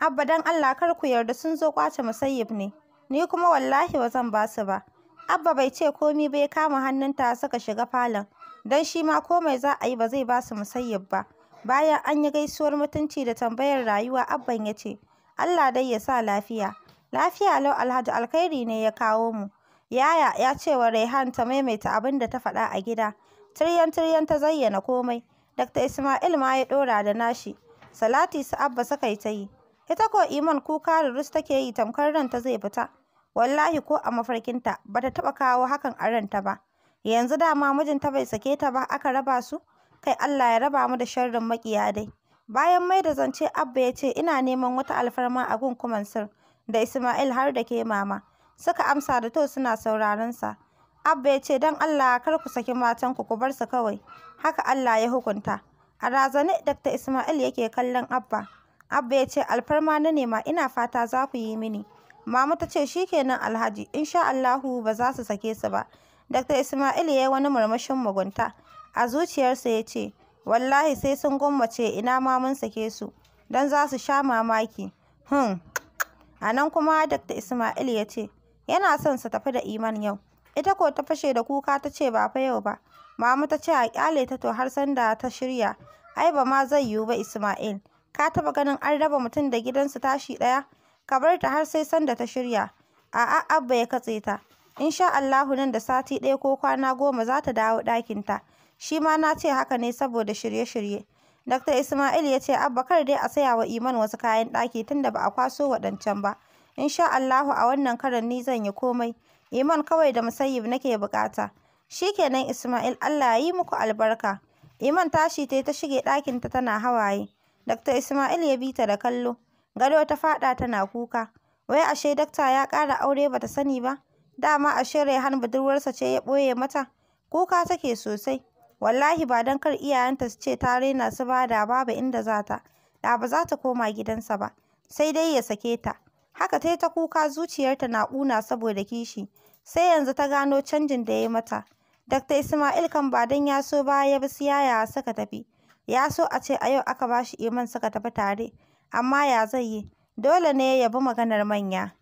Abba don Allah kar ku yarda sun zo kwace Musayyib ne, ni kuma wallahi ba zan ba su ba. Abba bai ce komi bai kama hannunta suka shiga falon, don shi ma komai za a yi ba zai ba su Musayyib ba. Bayan an yi gaisuwar mutunci da tambayar rayuwa Abban ya ce, Allah dai ya sa lafiya. Lafiya lau Alhaji alkhairi ne ya kawo mu. Yaya ya ce wa Raihan ta maimaita abin da ta faɗa a gida. Tiryan tiryan ta zayyana komai. Dr. Ismail ma ya ɗora da nashi. salati su abba suka yi ta yi ita ko iman kuka da rus take yi tamkar ranta zai fita wallahi ko a mafarkinta ba ta taɓa kawo hakan a ranta ba yanzu dama mijinta bai sake ta ba aka raba su kai Allah ya raba mu da sharrin maƙiya dai bayan mai da zance abba ya ce ina neman wata alfarma a gun kumansir da Ismail har da ke mama suka amsa da to suna sauraron sa abba ya ce don Allah kar ku saki matanku ku bar su kawai haka Allah ya hukunta A razane Dr. Ismail yake kallon Abba. Abba ya ce alfarma na nema ina fata za ku yi mini. Mama ta ce shi kenan Alhaji insha Allahu ba za su sake su ba. Dr. Ismail ya yi wani murmushin mugunta. A zuciyarsa ya ce wallahi sai sun gwammace ina ma mun sake su don za su sha mamaki. Hmm. A nan kuma Dr. Ismail ya ce yana son su tafi da Iman yau. Ita ko ta fashe da kuka ta ce ba fa yau ba. Mama ta ce a kyale ta to har sanda ta shirya. Ai ba ma zai yiwu ba Ismail. Ka taba ganin an raba mutum da gidansu tashi ɗaya? Ka bar ta har sai sanda ta shirya. A'a Abba ya katse ta. sha Allahu nan da sati ɗaya ko kwana goma za ta dawo ta Shi ma na ce haka ne saboda shirye-shirye. Dr. Ismail ya ce Abba kar dai a saya wa Iman wasu kayan ɗaki tunda ba a kwaso waɗancan ba. sha Allahu a wannan karan ni zan yi komai. Iman kawai da musayyib nake bukata shikenan Ismail Allah ya yi muku albarka Iman tashi ta ta shige ta tana hawaye Dr. Ismail ya bi ta da kallo gado ta faɗa tana kuka wai ashe dakta ya ƙara aure bata sani ba dama ashe Raihan budurwarsa ce ya ɓoye mata kuka take sosai wallahi ba don kar iyayenta su ce ta raina su ba da babu inda za ta da ba za ta koma gidansa ba sai dai ya sake ta haka tai ta kuka zuciyarta na ƙuna saboda kishi sai yanzu ta gano canjin da ya yi mata Dr. Ismail kan ba don ya so ba ya bi su yaya suka tafi. Ya so a ce a yau aka ba shi iman suka tafi tare, amma ya zai yi, dole ne ya bi maganar manya.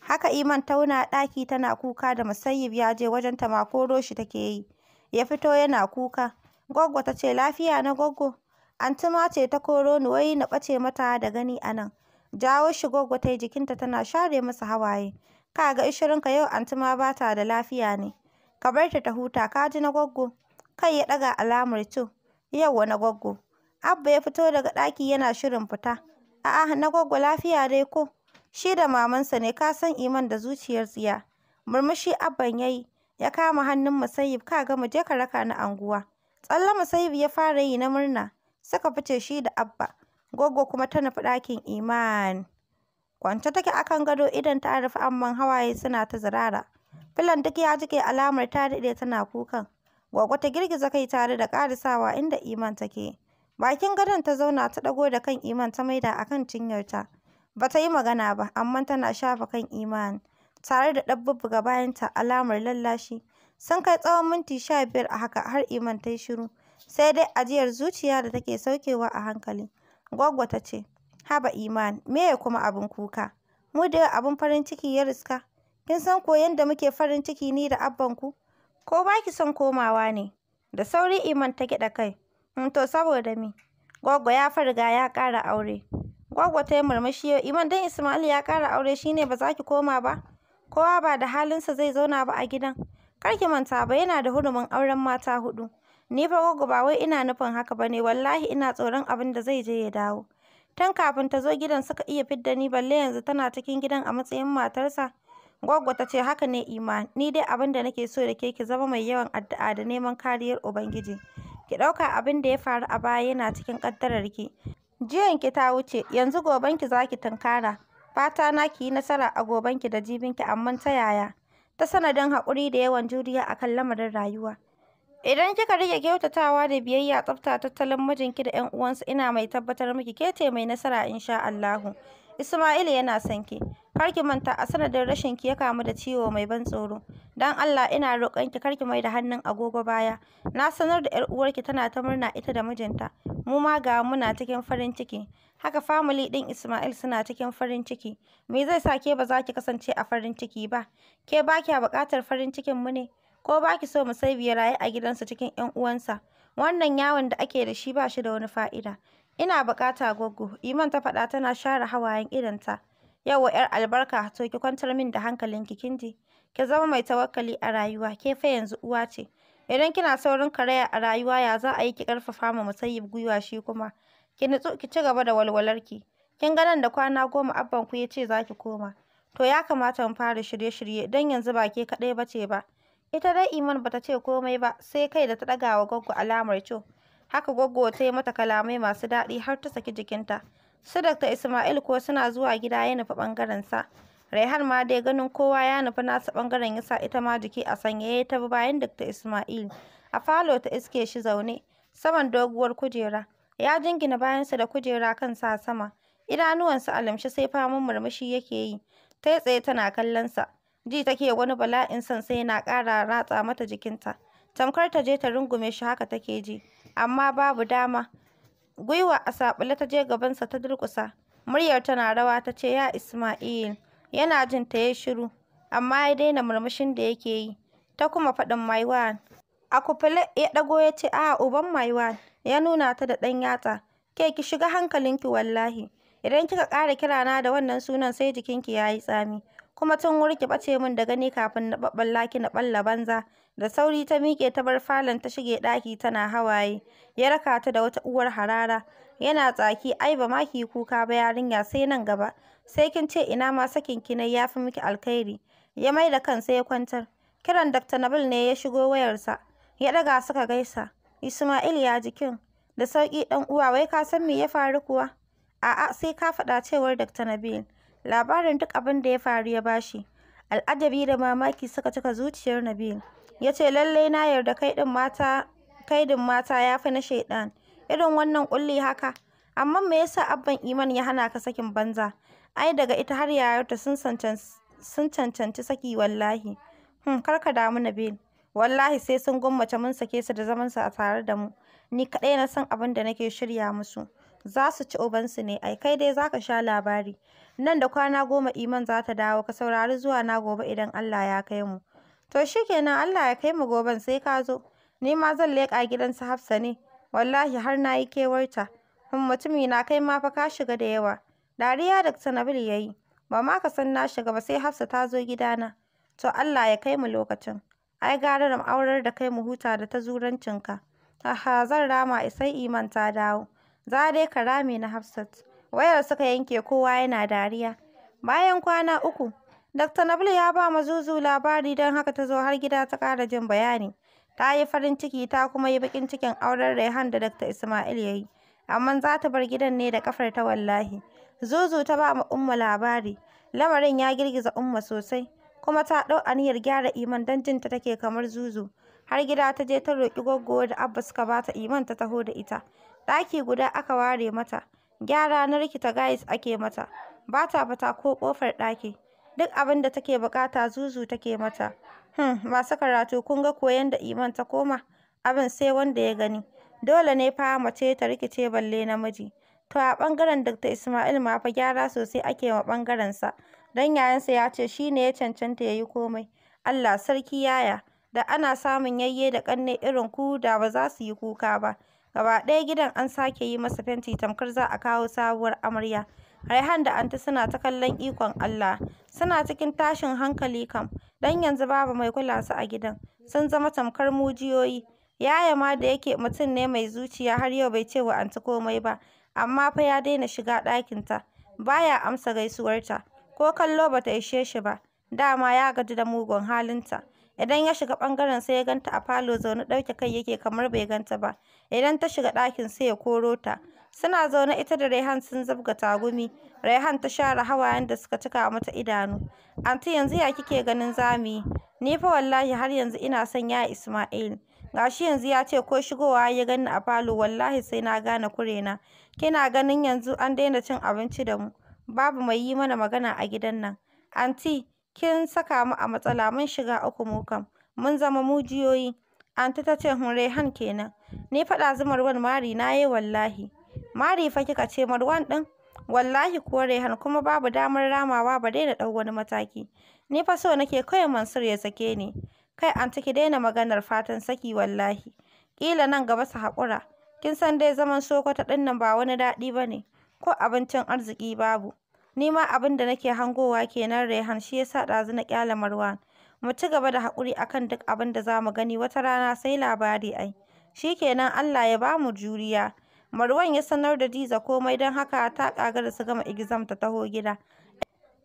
Haka iman tauna ɗaki tana kuka da musayyib ya je wajen ta makoro shi take yi. Ya fito yana kuka. Goggo ta ce lafiya na goggo. Antuma ce ta koro ni wai na ɓace mata da gani a nan. Jawo shi goggo ta jikinta tana share masa hawaye. Ka ga ishirinka yau antuma ba ta da lafiya ne. ka bar ta ta huta ka ji na goggo kai ya ɗaga alamar to yauwa na goggo abba ya fito daga ɗaki yana shirin fita a'a na goggo lafiya dai ko shi da mamansa ne ka san iman da zuciyar tsiya murmushi abban ya yi ya kama hannun musayib ka ga mu je ka raka ni anguwa tsalle musayib ya fara yi na murna suka fice shi da abba Goggo kuma ta nufi ɗakin Iman. Kwance take akan gado idan ta rufe amman hawaye suna ta zirara. Filan duk ya jike alamar ta daɗe tana kukan. Gwaggo ta girgiza kai tare da ƙarisawa inda Iman take. Bakin gadon ta zauna ta ɗago da kan Iman ta maida a kan cinyarta. Ba ta yi magana ba, amma tana shafa kan Iman. Tare da ɗan bayanta alamar lallashi. Sun kai tsawon minti sha biyar a haka har Iman ta yi shiru. Sai dai ajiyar zuciya da take saukewa a hankali. Gwaggo ta ce, Haba Iman, me kuma abin kuka? Mu da abin farin ciki ya riska. Kin san ko yanda muke farin ciki ni da abbanku? Ko ba ki son komawa ne? Da sauri Iman ta gyaɗa kai. In mm, to saboda me? Gwaggo ya farga ya ƙara aure. Gwaggo ta yi murmushi yau Iman dan Ismail ya ƙara aure shine ba za ki koma ba? Kowa ba da halinsa zai zauna ba a gidan. Kar ki manta ba yana da hurumin auren mata hudu Ni fa gwaggo ba wai ina nufin haka ba ne wallahi ina tsoron abin da zai je ya dawo. Tun kafin ta zo gidan suka iya fidda ni balle yanzu tana cikin gidan a matsayin matarsa. Goggo ta ce, haka ne Iman, ni dai abin da nake so da ke ki zama mai yawan addu'a da neman kariyar Ubangiji. Ki ɗauka abin da ya faru a baya yana cikin ƙaddararki. Jiyanki ta wuce, yanzu gobenki za ki tunkara. Fata na ki yi nasara a gobenki da jibinki, amma ta yaya? Ta sanadin haƙuri da yawan juriya a kan lamarin rayuwa. Idan kika rage kyautatawa da biyayya tsafta tattalin mijinki da 'yan uwansa ina mai tabbatar miki ke ce mai nasara insha Allahu. Isma'il yana son ki. Kar ki manta a sanadin rashin ki ya kamu da ciwo mai ban tsoro. Dan Allah ina roƙon ki kar ki mai da hannun agogo baya. Na sanar da ƴar uwarki tana ta murna ita da mijinta. Mu ma ga muna cikin farin ciki. Haka family ɗin Isma'il suna cikin farin ciki. Me zai sa ke ba za ki kasance a farin ciki ba? Ke ba kya buƙatar farin cikin mu ne? Ko ba ki so mu sai raye a gidansa cikin ƴan uwansa? Wannan yawon da ake da shi ba shi da wani fa'ida. Ina buƙata Goggo, Iman ta faɗa tana share hawayen Yau Yawwa 'yar albarka, to ki kwantar min da hankalin ki kinji Ki zama mai tawakkali a rayuwa, ke fa yanzu uwa ce. Idan kina saurin karaya a rayuwa ya za a yi ki ƙarfafa ma Musayyib gwiwa shi kuma. Ki nutsu ki ci gaba da walwalarki. Kin ga nan da kwana goma abban ya ce za ki koma. To ya kamata mu fara shirye-shirye don yanzu ba ke kaɗai ba ce ba. Ita dai Iman bata ce komai ba sai kai da ta ɗaga wa Goggo alamar co. haka gwaggo ta yi mata kalamai masu daɗi har ta saki jikinta su dakta ismail ko suna zuwa gida ya nufi ɓangaren sa raihan ma dai ganin kowa ya nufi nasa ɓangaren ya sa ita ma jiki a sanya ya ta bi bayan dakta ismail a falo ta iske shi zaune saman doguwar kujera ya jingina bayansa da kujera kan sa sama idanuwansa a lamshe sai faman murmushi yake yi ta yi tsaye tana kallon sa ji take wani bala'in son sai na ƙara ratsa mata jikinta tamkar ta je ta rungume shi haka take ji amma babu dama. Gwiwa a saɓule ta je gabansa ta durƙusa. Muryar tana rawa ta ce, Ya Isma'il. Yana jin ta ya shiru, amma ya daina murmushin da yake yi. Ta kuma faɗin Maiwan. A kufule ya ɗago ya ce, A'a, ah, uban Maiwan. Ya nuna ta da ɗan yatsa. Ke ki shiga hankalinki wallahi. Idan kika ƙara kirana da wannan sunan sai jikinki ya yi tsami. kuma tun wurki bace min da gani kafin na ɓaɓɓalla ki na ɓalla banza. Da sauri ta miƙe ta bar falon ta shige ɗaki tana hawaye. Ya raka ta da wata uwar harara. Yana tsaki ai ba ma kuka ba yarinya sai nan gaba. Sai kin ce ina ma sakin ki na yafi miki alkhairi. Ya mai da kansa ya kwantar. Kiran Dr. Nabil ne ya shigo wayarsa. Ya daga suka gaisa. Ismail ya jikin. Da sauki ɗan uwa wai ka san me ya faru kuwa? A'a sai ka faɗa cewar Dr. Nabil. labarin duk abin da ya faru ya bashi. Al'ajabi da mamaki suka cika zuciyar Nabil. Ya ce lallai na yarda kaidin mata mata ya fi na shaiɗan. Irin wannan ƙulli haka. Amma me yasa abban Iman ya hana ka sakin banza? Ai daga ita har yayarta sun sun cancanci saki wallahi. Hmm, kar ka damu Nabil. Wallahi sai sun gwammace mun sake su da zamansa a tare da mu. Ni kadai na san abin da nake shirya musu. Za su ci ubansu ne ai, kai dai za ka sha labari. Nan da kwana goma Iman za ta dawo, ka saurari zuwa na gobe idan Allah ya kai mu. To shi kenan Allah ya kai mu goben sai ka zo. Ni ma zan leƙa gidansa Hafsa ne, wallahi har na yi kewarta. In mutumi na kai ma fa ka shiga da yawa. Dariya da Sanabil ya yi, ba ma ka san na shiga ba sai Hafsa ta zo gidana. To Allah ya kai mu lokacin. Ai gara aurar da kai mu huta da ta zurancinka. Aha zan rama isai Iman ta dawo. za dai ka rame na Hafsat. Wayar suka yanke kowa yana dariya. Bayan kwana uku, Dr. Nabil ya ba ma Zuzu labari don haka ta zo har gida ta ƙara jin bayani. Ta yi farin ciki ta kuma yi bakin cikin auren Rehan da Dr. Ismail ya yi. Amma za ta bar gidan ne da kafar ta wallahi. Zuzu ta ba ma Umma labari. Lamarin ya girgiza Umma sosai. Kuma ta ɗau aniyar gyara Iman don jinta take kamar Zuzu. Har gida ta je ta roƙi goggo da Abba suka ba ta Iman ta taho da ita. ɗaki guda aka ware mata, gyara na rikita gais ake mata, ba ta fita ko ƙofar ɗaki, duk abin da take bukata zuzu take mata. Hmm, masu karatu kun ga koyan da Iman ta koma, abin sai wanda ya gani. Dole ne fa mace ta rikice balle namiji. To a ɓangaren Dr. Ismail ma fa gyara sosai ake wa ɓangarensa, don yayansa ya ce shi ne ya cancanta yayi komai. Allah sarki yaya, da ana samun yayye da ƙanne irin ku da ba za su yi kuka ba. Gaba ɗaya gidan an sake yi masa fenti tamkar za a kawo sabuwar amarya. Raihan da Anta suna ta kallon ikon Allah. Suna cikin tashin hankali kam, dan yanzu babu mai kula su a gidan. Sun zama tamkar mujiyoyi. Yaya ma da yake mutum ne mai zuciya har yau bai ce wa Anta komai ba, amma fa ya daina shiga ɗakinta. Ba ya amsa gaisuwarta, ko kallo bata ishe shi ba. Dama ya gaji da mugun halinta. Idan ya shiga ɓangaren sai ya ganta a falo zaune ɗauke kai yake kamar bai ganta ba. Idan ta shiga ɗakin sai ya koro ta. Suna zaune ita da Raihan sun zabga tagumi. Raihan ta share hawayen da suka cika mata idanu. Anti yanzu ya kike ganin za mu yi? Ni fa wallahi har yanzu ina son ya Ismail. Gashi yanzu ya ce ko shigowa ya gani a falo wallahi sai na gane kurena. Kina ganin yanzu an daina cin abinci da mu. Babu mai yi mana magana a gidan nan. Anti, kin saka mu a matsala mun shiga uku mu kam mun zama mujiyoyi anti ta ce hun rehan kenan ni faɗa zu marwan mari na yi wallahi mari fa kika ce marwan ɗin wallahi kuwa rehan kuma babu damar ramawa ba daina ɗau wani mataki ni fa so nake kawai mansur ya sake ni kai anti ki daina maganar fatan saki wallahi ƙila nan gaba su haƙura kin san dai zaman sokoto ɗin ba wani daɗi ba ne ko abincin arziki babu Ni ma abin da nake hangowa kenan Rehan, shi yasa sa ɗazu na ƙyale Marwan. Mu ci gaba da haƙuri akan duk abin da za mu gani wata rana sai labari ai. Shi kenan Allah ya bamu juriya. Marwan ya sanar da Diza komai don haka ta ƙaga da su gama exam ta taho gida.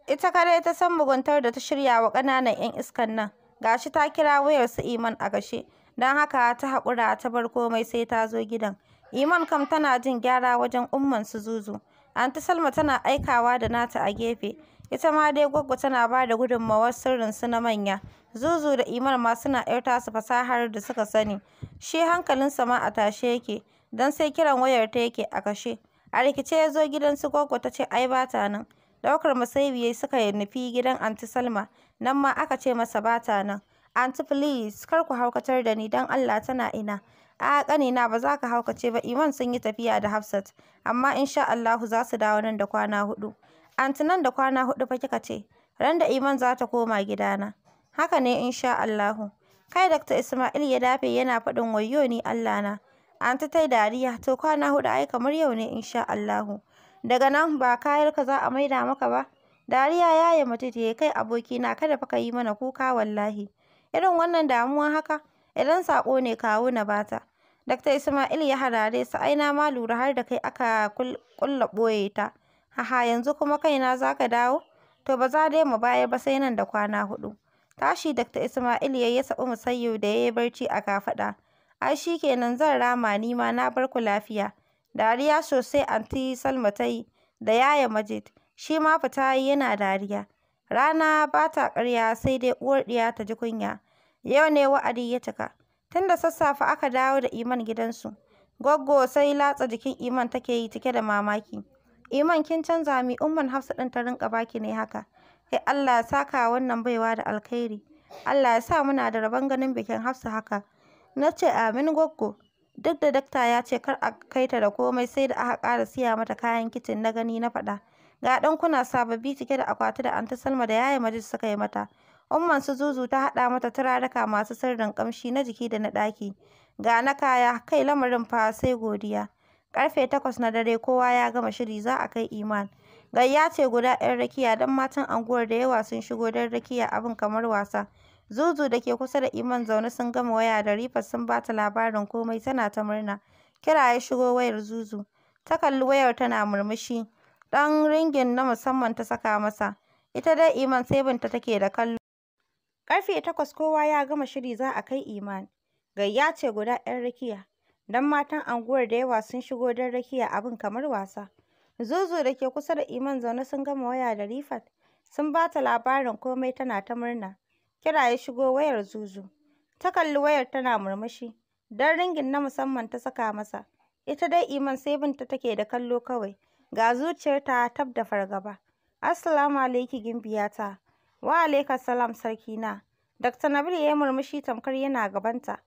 Ita kadai ta san muguntar da ta shirya wa ƙananan 'yan iskan nan. Gashi ta kira wayar su Iman a gashe. Don haka ta haƙura ta bar komai sai ta zo gidan. Iman kam tana jin gyara wajen umman su Zuzu. Anti Salma tana aikawa da nata a gefe. Ita ma dai Goggo tana ba da gudunmawar sirrinsu na manya. Zuzu da Iman ma suna ‘yar tasu fasahar da suka sani. Shi hankalinsa ma a tashe yake, don sai kiran wayar ta yake a kashe. A rikice ya zo gidan su Gwaggo ta ce ai ba ta nan. Ɗaukar Musaibiye suka yi nufi gidan Anti Salma, nan ma aka ce masa ba ta nan. Anti please, kar ku haukatar da ni don Allah tana ina. A'a ƙanina ba za ka ce ba Iman sun yi tafiya da Hafsat amma insha Allahu za su dawo nan da kwana hudu. Anti nan da kwana hudu fa kika ce ran da Iman za ta koma gidana. Haka ne insha Allahu. Kai Dr. Ismail ya dafe yana faɗin wayyo ni Allah na. Anti tai dariya to kwana hudu ai kamar yau ne insha Allahu. Daga nan ba kayarka za a maida maka ba. Dariya ya yi mutu ya kai abokina kada fa ka yi mana kuka wallahi. Irin wannan damuwa haka idan sako ne kawo na bata. Dakta Ismail ya harare su aina ma lura har da kai aka kulla ɓoye ta. Haha yanzu kuma kaina za ka dawo? To ba za dai mu bayar ba sai nan da kwana huɗu. Tashi Dakta Ismail ya yi sabu musayyo da ya yi barci a kafaɗa. Ai shi kenan zan rama ni ma na bar ku lafiya. Dariya sosai Anti Salma ta yi da Yaya Majid. Shi ma fita yana dariya. Rana ba ta ƙarya sai dai uwar ɗiya ta ji kunya. Yau ne wa'adi ya cika. Tun da sassafe aka dawo da Iman gidansu. Goggo sai latsa jikin Iman take yi cike da mamaki. Iman kin canza mi umman Hafsa ɗin ta rinƙa baki ne haka. Kai Allah ya saka wannan baiwa da alkhairi. Allah ya sa muna da rabon ganin bikin Hafsa haka. Na ce amin goggo. Duk da dakta ya ce kar a kai ta da komai sai da aka ƙara siya mata kayan kicin na gani na faɗa. Ga ɗankuna sababbi cike da akwati da Anta Salma da Yaya Majid suka yi mata. Umman su Zuzu ta haɗa mata turaruka masu sirrin ƙamshi na jiki da na ɗaki. Ga na kaya, kai lamarin fa sai godiya. Ƙarfe takwas na dare kowa ya gama shiri za a kai Iman. Gayya ce guda 'yan rakiya don matan anguwar da yawa sun shigo don rakiya abin kamar wasa. Zuzu da ke kusa da Iman zaune sun gama waya da rifa sun ba ta labarin komai tana ta murna. Kira ya shigo wayar Zuzu. Ta kalli wayar tana murmushi. Ɗan ringin na musamman ta saka masa. Ita dai Iman sai binta take da kallo. Ƙarfe takwas kowa ya gama shiri za a kai Iman. Gayya ce guda 'yan rakiya. Don matan anguwar da yawa sun shigo don rakiya abin kamar wasa. Zuzu da ke kusa da Iman zaune sun gama waya da Rifat. Sun ba ta labarin komai tana ta murna. Kira ya shigo wayar Zuzu. Ta kalli wayar tana murmushi. Don ringin na musamman ta saka masa. Ita dai Iman sai binta take da kallo kawai. Ga zuciyarta tab da fargaba. Assalamu gimbiya gimbiyata. Wa alaikas salam sarkina. Dr. Nabil ya yi murmushi tamkar yana gabanta.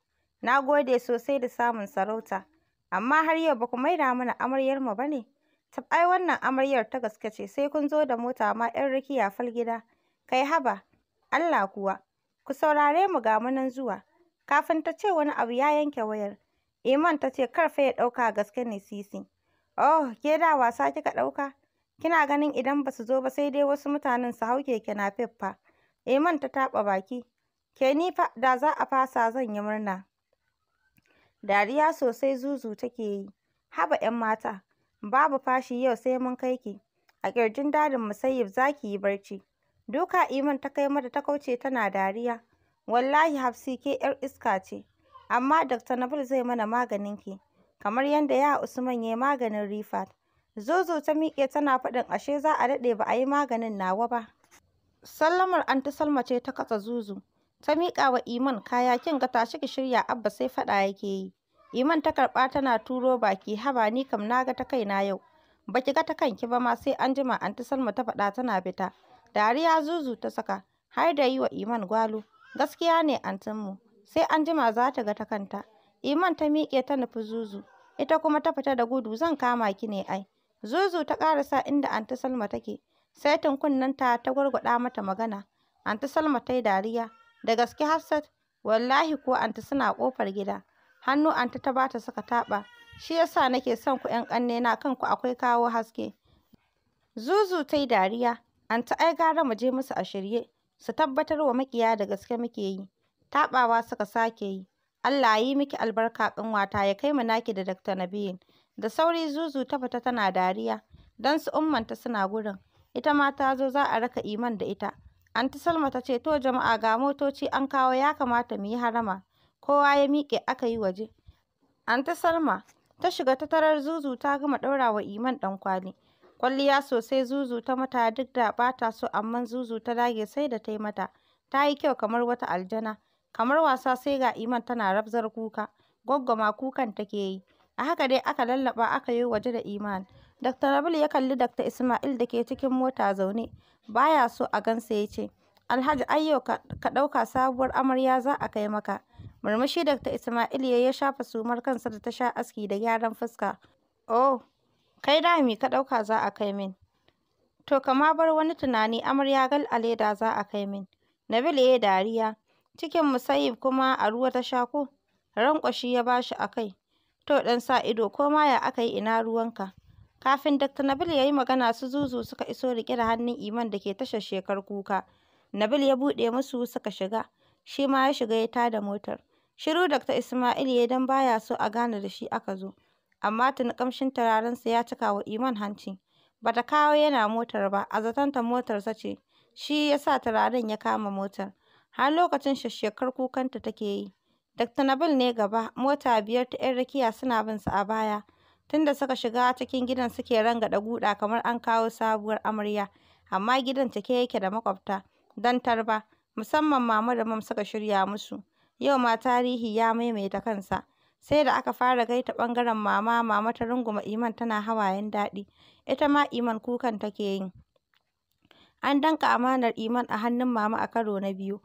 Na gode sosai da samun sarauta. Amma har yau ba ku maida mana amaryar mu ba ne? Tab'ai wannan amaryar ta gaske ce sai kun zo da mota ma 'yan rikiya fal gida. Kai haba, Allah kuwa. Ku saurare mu ga munan zuwa. Kafin ta ce wani abu ya yanke wayar. Iman ta ce kar ya ɗauka gaske ne sisi. Oh, ke da wasa kika ɗauka? Kina ganin idan ba su zo ba sai dai wasu mutanen su hau keke na fa. Iman eh, ta taɓa baki. Ke ni fa da za a fasa zan yi murna. Dariya sosai zuzu take yi. Haba 'yan mata, babu fashi yau sai mun kai ki. A ƙirjin dadin Musayyib za ki yi barci. Duka Iman ta kai mata ta kauce tana dariya. Wallahi Hafsi ke 'yar iska ce. Amma Dr. Nabil zai mana maganin ki. Kamar yadda ya Usman ya maganin Rifat. Zozo ta miƙe tana faɗin ashe za a daɗe ba a yi maganin nawa ba. Sallamar Anti Salma ce ta katsa Zuzu. Ta miƙa wa Iman kaya kin ga tashi ki shirya Abba sai faɗa yake yi. Iman ta karɓa tana turo baki haba ni kam na ga ta kaina yau. Baki ga ta kanki ba ma sai an jima Anti Salma ta faɗa tana fita. Dariya Zuzu ta saka har da yi wa Iman gwalo. Gaskiya ne antinmu sai an jima za ta ga ta kanta. Iman ta miƙe ta nufi Zuzu. Ita kuma ta fita da gudu zan kama ki ne ai. Zuzu ta ƙarasa inda Anti Salma take, sai kunnen ta ta gwargwaɗa mata magana. Anti Salma ta yi dariya, da gaske Hafsat, wallahi ko Anti suna ƙofar gida. Hannu Anti ta bata suka taɓa, shi yasa nake son ku ‘yan ƙannena kanku akwai kawo haske. Zuzu ta yi dariya, Anti ai gara mu je musu a shirye, su tabbatar wa makiya da gaske muke yi. Taɓawa suka sake yi. Allah ya yi miki albarka ƙanwata ya kai mu naki da Dr. Nabiyin. Da sauri Zuzu ta fita tana dariya, don su ummanta suna gurin. Ita ma ta zo za a raka Iman da ita. Anti Salma ta ce, to jama'a ga motoci an kawo ya kamata mu yi harama. Kowa ya miƙe aka yi waje. Anti Salma ta shiga ta tarar Zuzu ta gama ɗaura wa Iman kwali. Kwalliya sosai Zuzu ta mata duk da bata so amma Zuzu ta dage sai da ta yi mata. Ta yi kyau kamar wata aljana. Kamar wasa sai ga Iman tana rabzar kuka. Gwaggwama kukan take yi. A haka dai aka lallaɓa aka yi waje da Iman. Dr. rabil ya kalli Dr. Ismail da ke cikin mota zaune. baya so a gansa ya ce, Alhaji Ayyo ka ɗauka sabuwar amarya za a kai maka. Murmushi Dr. Ismail ya shafa sumar kansa da ta sha aski da gyaran fuska. Oh, kai dami ka ɗauka za a kai min. To kama bar wani tunani amarya gal a leda za a kai min. Nabil ya yi dariya. Cikin musayib kuma a ruwa ta sha ko? ya ya bashi a kai. To ɗan sa ido ko ma ya aka yi ina ruwanka. Kafin Dr. Nabil ya yi magana su Zuzu suka iso riƙe da hannun Iman da ke tashar shekar kuka. Nabil ya buɗe musu suka shiga. Shi ma ya shiga ya tada motar. Shiru Dr. Ismail ya dan baya so a gane da shi aka zo. Amma tuni ƙamshin turarensa ya cika wa Iman hanci. Bata kawo yana motar ba, a motar motarsa ce. Shi ya sa turaren ya kama motar. Har lokacin shashshekar kukanta take yi. Dr. Nabil ne gaba, mota biyar ta 'yan rakiya suna bin su a baya. Tunda suka shiga cikin gidan suke rangada guda kamar an kawo sabuwar amarya, amma gidan cike yake da makwabta don tarba, musamman Mama da Mam suka shirya musu. Yau ma tarihi ya maimaita kansa. Sai da aka fara gaita ɓangaren Mama, Mama ta runguma Iman tana hawayen daɗi, ita ma Iman kukan take yi. An danƙa amanar Iman a hannun Mama a karo na biyu.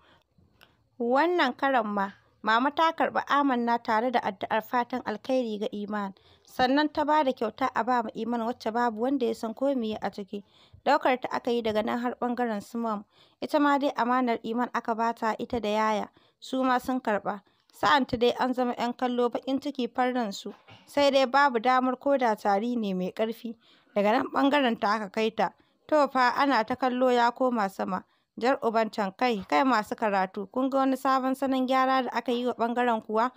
Wannan karan ma Mama ta karɓi amanna tare da addu'ar fatan alkhairi ga Iman, sannan ta ba da kyauta a ba ma Iman wacce babu wanda ya san ko meye a ciki. Ɗaukar ta aka yi daga nan har ɓangaren su Mom. Ita ma dai amanar Iman aka ba ta ita da Yaya, su ma sun karɓa. Sa'anta dai an zama 'yan kallo baƙin ciki farin su, sai dai babu damar ko da tari ne mai ƙarfi. Daga nan ɓangaren ta aka kai ta. To fa ana ta kallo ya koma sama. Jar uban can kai, kai masu karatu, kun ga wani sabon sanin gyara da aka yi wa ɓangaren kuwa?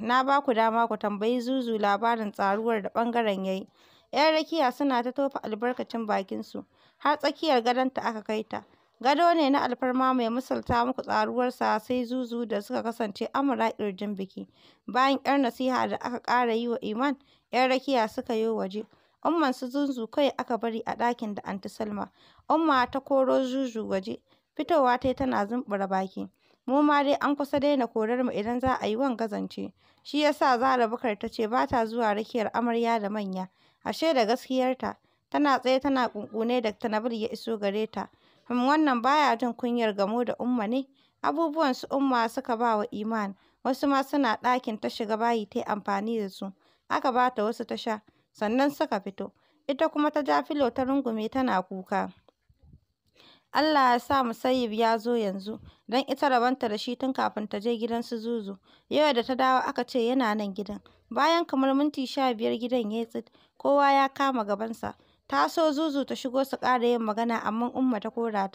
na ba ku dama ku tambayi Zuzu labarin tsaruwar da ɓangaren ya yi. 'Yan rakiya suna ta tofa albarkacin bakinsu, har tsakiyar gadon ta aka kai ta. Gado ne na alfarma mai misalta muku tsaruwarsa sai zuzu da suka kasance amura ƙirjin biki. Bayan 'yar nasiha da aka ƙara yi wa Iman, 'yan rakiya suka yi waje. Umman su Zunzu kawai aka bari a ɗakin da anti Salma. Umma ta koro Zuzu waje, fitowa ta yi tana zumbura baki. Mu ma dai an kusa daina korar mu idan za a yi wan gazance. Shi ya sa Zahra Bukar ta ce ba ta zuwa rakiyar amarya da manya. Ashe da gaskiyarta, tana tsaye tana ƙunƙune da Tanabil ya iso gare ta. Hum wannan baya jin kunyar gamo da Umma ne. Abubuwan su Umma suka ba wa Iman, wasu ma suna ɗakin ta shiga bayi ta amfani da su. Aka ba ta wasu ta sha. sannan suka fito. Ita kuma ta ja filo ta rungume tana kuka. Allah ya sa musayib ya zo yanzu, dan ita rabanta da shi tun kafin ta je gidan su Zuzu. Yau da ta dawo aka ce yana nan gidan. Bayan kamar minti sha biyar gidan ya tsit, kowa ya kama gabansa. Ta so Zuzu ta shigo su ƙara yin magana amma Umma ta kora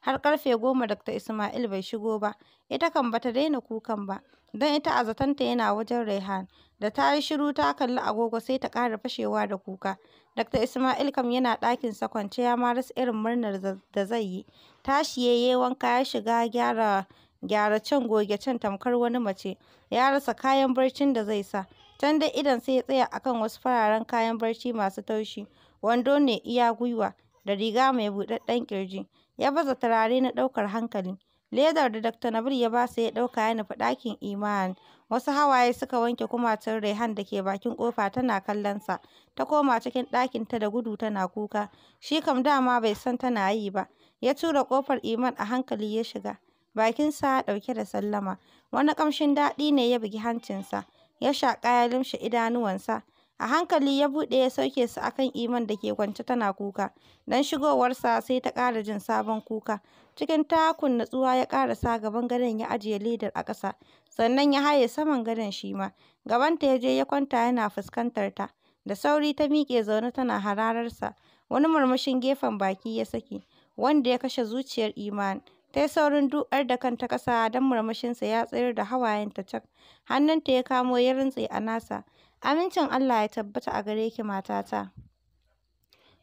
har karfe goma Dr. Ismail bai shigo ba, ita kan bata daina kukan ba, don ita a zatanta yana wajen Raihan, da ta yi shiru ta kalli agogo sai ta ƙara fashewa da kuka. Dr. Ismail kam yana ɗakin sa ya ma irin murnar da zai yi, Ta ya yi wanka ya shiga gyara gyara can goge can tamkar wani mace, ya rasa kayan barcin da zai sa. Can dai idon sai ya tsaya akan wasu fararen kayan barci masu taushi, wando ne iya gwiwa, da riga mai buɗaɗɗen ƙirji. ya baza turare na ɗaukar hankali. Ledar da Dr. Nabil ya ba basa ya ɗauka ya nufi ɗakin Iman. Wasu hawaye suka wanke kumatun rehan da ke bakin ƙofa tana kallon sa. Ta koma cikin ta da gudu tana kuka. Shi kam dama bai san tana yi ba. Ya tura ƙofar Iman a hankali ya shiga. Bakin sa ɗauke da sallama. Wani ƙamshin daɗi ne ya bugi hancinsa. Ya shaƙa ya limshe idanuwansa. A hankali ya buɗe ya sauke su akan Iman da ke kwance tana kuka. Don shigowarsa sai ta ƙara jin sabon kuka. Cikin takun natsuwa ya ƙara sa gaban gadon ya ajiye ledar a ƙasa. Sannan ya haye saman gadon shi ma. Gabanta ya je ya kwanta yana fuskantar ta. Da sauri ta miƙe zaune tana hararsa. Wani murmushin gefen baki ya saki. Wanda ya kashe zuciyar Iman. Ta yi saurin dukar da kanta ƙasa don murmushinsa ya tsayar da hawayenta cak. Hannunta ya kamo ya rintse a nasa. Amincin Allah ya tabbata a gare ki matata.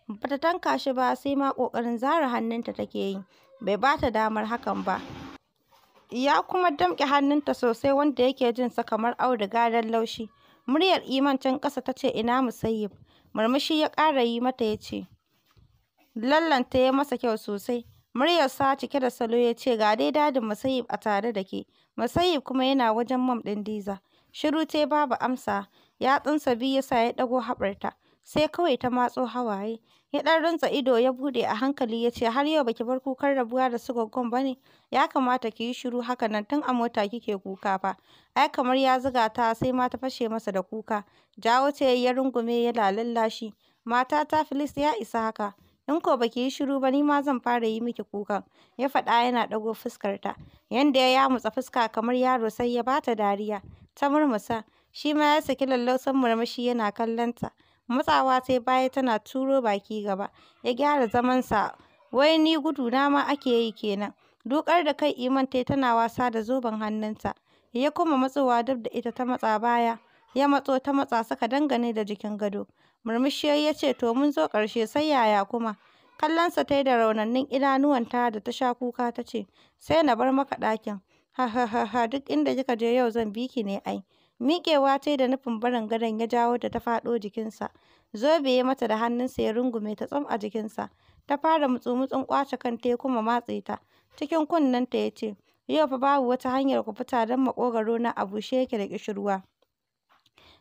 Bata ta tanka shi ba sai ma ƙoƙarin zare hannunta take yi, bai ba ta damar hakan ba. Ya kuma damƙe hannunta sosai wanda yake jin sa kamar auduga don laushi. Muryar Iman can ƙasa ta ce ina Musayyib. Murmushi ya ƙara yi mata ya ce, lallanta ya masa kyau sosai. Muryar sa cike da salo ya ce ga dai dadin Musayyib a tare da ke. Musayyib kuma yana wajen mam ɗin Diza. Shiru ta babu amsa, yatsunsa biyu ya sa ya ɗago haɓarta, sai kawai ta matso hawaye. Ya ɗan rantsa ido ya buɗe a hankali ya ce, har yau baki bar kukar rabuwa da su Goggon ba ne? Ya kamata ki yi shiru haka nan tun a mota kike kuka fa. Ai kamar ya zuga ta sai ma ta fashe masa da kuka. Jawo ce ya rungume ya lalallashi. Matata Filis ya isa haka. In ko baki yi shiru ba ni ma zan fara yi miki kukan, ya faɗa yana ɗago fuskarta. Yanda ya yamutsa fuska kamar yaro sai ya bata dariya. ta murmusa, shi ma ya saki lallausan murmushi yana kallonta. Matsawa sai baya tana turo baki gaba, ya gyara zamansa. Wai ni gudu na ma ake yi kenan. Dukar da kai Iman ta tana wasa da zoben hannunta. Ya kuma matsowa dab da ita ta matsa baya. Ya matso ta matsa saka dangane da jikin gado. Murmushi ya ce to mun zo ƙarshe sai yaya kuma. Kallonsa ta yi da raunannun idanuwanta da ta sha kuka ta ce, sai na bar maka ɗakin. hahahaha duk inda kika je yau zan bi ki ne ai. Miƙewa ta da nufin barin gadon ya jawo da ta faɗo jikinsa. Zobe ya mata da hannunsa ya rungume ta tsam a jikinsa. Ta fara mutsu-mutsun ƙwace kanta ya kuma matse ta. Cikin kunnenta ya ce, yau fa babu wata hanyar ku fita don maƙogwaro na a bushe yake da ƙishirwa.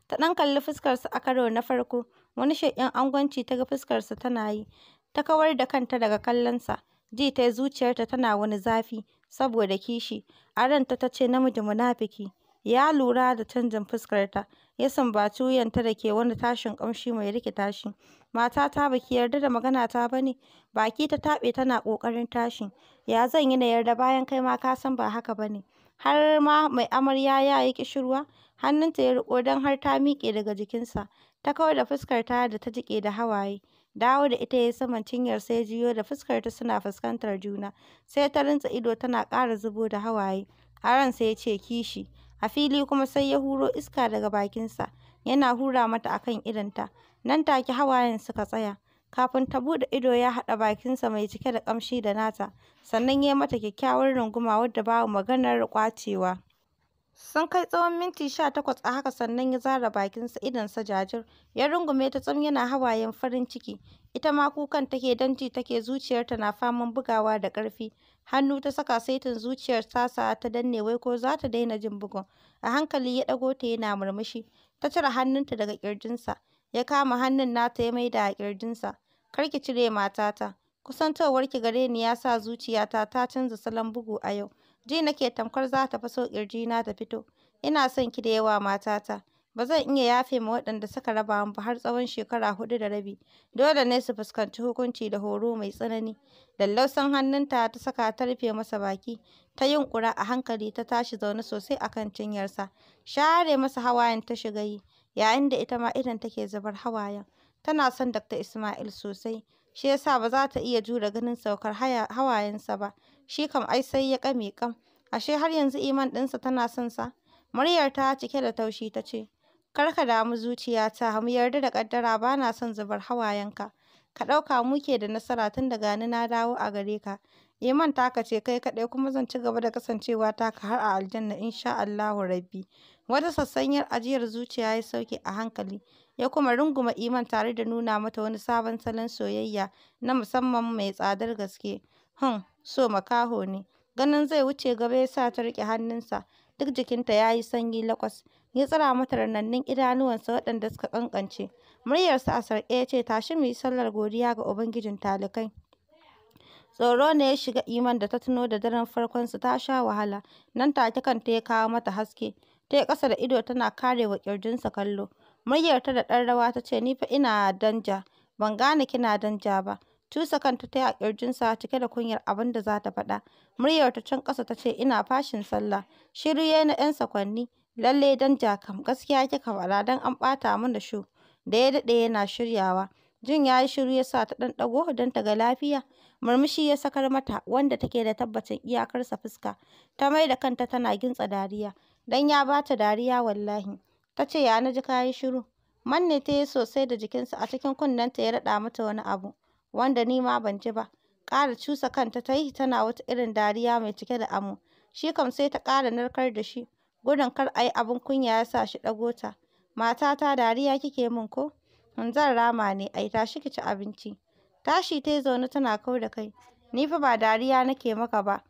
Ta ɗan kalli fuskarsa a karo na farko, wani sheƙin angwanci ta ga fuskarsa tana yi. Ta kawar da kanta daga kallonsa. Ji ta zuciyarta tana wani zafi. saboda kishi. A ranta ta ce namiji munafuki. Ya lura da canjin fuskarta, ya sumbaci wuyanta da ke wani tashin kamshi mai rikita shi. Matata ba ki yarda da maganata ba ne? Baki ta taɓe tana ƙoƙarin tashi. Ya zan yi na yarda bayan kai ma ka san ba haka ba ne? Har ma mai amarya ya yi ƙishirwa, hannunta ya riko don har ta miƙe daga jikinsa. Ta kawar da fuskar ta da ta jiƙe da hawaye. Dawo da ita ya yi saman cinyar sai jiyo da fuskarta suna fuskantar juna. Sai ta rintsa ido tana ƙara zubo da hawaye. A ransa ya ce kishi. A fili kuma sai ya huro iska daga bakinsa. Yana hura mata a kan idonta. Nan take hawayen suka tsaya. Kafin ta buɗe ido ya haɗa bakinsa mai cike da ƙamshi da nata. Sannan ya mata kyakkyawar runguma wadda babu maganar kwacewa. Sun kai tsawon minti sha takwas a haka sannan ya zara bakinsa sa jajir, ya rungume ta tsam yana hawayen farin ciki, ita ma kukan take danci take zuciyarta na faman bugawa da ƙarfi. Hannu ta saka saitin zuciyar tasa ta danne wai ko za ta daina jin bugun. A hankali ya ɗago ta yana murmushi, ta cire hannunta daga ƙirjinsa, ya kama hannun nata ya maida a ƙirjinsa. Kar ki cire matata, kusantowar ki gare ni ya sa zuciyata ta canza salon bugu a yau. Ji nake tamkar za ta faso ƙirjina ta fito. Ina son ki da yawa matata. Ba zan iya yafe ma waɗanda suka raba mu ba har tsawon shekara hudu da rabi. Dole ne su fuskanci hukunci da horo mai tsanani. Lallausan hannunta ta saka ta rufe masa baki. Ta yunkura a hankali ta tashi zaune sosai a kan cinyarsa. Share masa hawayen ta shiga yi. Yayin da ita ma irin take zubar hawayen. Tana son dakta Ismail sosai. Shi yasa ba za ta iya jure ganin saukar hawayensa ba. shi kam ai sai ya ƙame kam Ashe har yanzu iman ɗinsa tana son sa? Muryar ta cike da taushi ta ce, Kar ka damu zuciyata, mu yarda da ƙaddara ba na son zubar hawayenka. Ka ɗauka muke da nasara tun da gani na dawo a gare ka. Iman taka ce kai kaɗai kuma zan ci gaba da kasancewa taka har a aljanna insha Allahu rabbi. Wata sassanyar ajiyar zuciya ya sauke a hankali, ya kuma runguma Iman tare da nuna mata wani sabon salon soyayya na musamman mai tsadar gaske. Hun. so makaho ne. Ganin zai wuce gaba ya sa ta rike hannunsa, duk jikinta ya yi sanyi lakwas Ya tsira mata rannannun idanuwansa waɗanda suka ƙanƙance. Muryarsa a sarƙe ya ce, tashi mu yi sallar godiya ga Ubangijin talikai. Tsoro ne ya shiga Iman da ta tuno da daren farkon su ta sha wahala. Nan ta ta kanta ya kawo mata haske. Ta yi ƙasa da ido tana kare wa ƙirjinsa kallo. Muryarta da ɗan rawa ta ce, ni fa ina danja, ban gane kina danja ba. Tusa kanta ta yi a sa cike da kunyar abin da za ta faɗa. Muryar ta can ƙasa ta ce, ina fashin sallah. Shiru ya na ‘yan sakwanni. Lalle dan jakam, gaskiya kika faɗa dan an ɓata da shu. Da ya daɗe yana shiryawa. Jin ya yi shiru ya sa ta ɗan ɗago don ta ga lafiya. Murmushi ya sakar mata wanda take da tabbacin iyakarsa fuska. Ta mai da kanta tana gintsa dariya. Dan ya bata dariya wallahi. Ta ce ya na ji ka yi shiru. Manne ta yi sosai da jikinsa a cikin kunnenta ya raɗa mata wani abu. wanda ni ma ban ji ba. Ƙara cusa kanta ta yi tana wata irin dariya mai cike da amo. Shi kam sai ta ƙara narkar da shi, gudun kar a yi abin kunya ya sa shi ɗago ta. Matata dariya kike min ko? Zan rama ne ai, tashi ki ci abinci. Tashi ta yi zaune tana kau da kai. Ni fa ba dariya nake maka ba.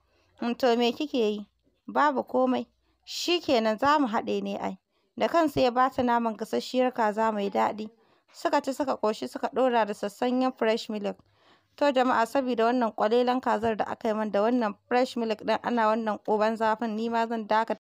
To me kike yi? Babu komai. Shi kenan za mu haɗe ne ai. Da kansa ya ba ta naman gasasshiyar kaza mai daɗi. suka ci suka ƙoshi suka ɗora da sassanyen fresh milk. To jama'a saboda wannan ƙwalelan kazar da aka yi min da wannan fresh milk ɗin ana wannan uban zafin nima zan dakata.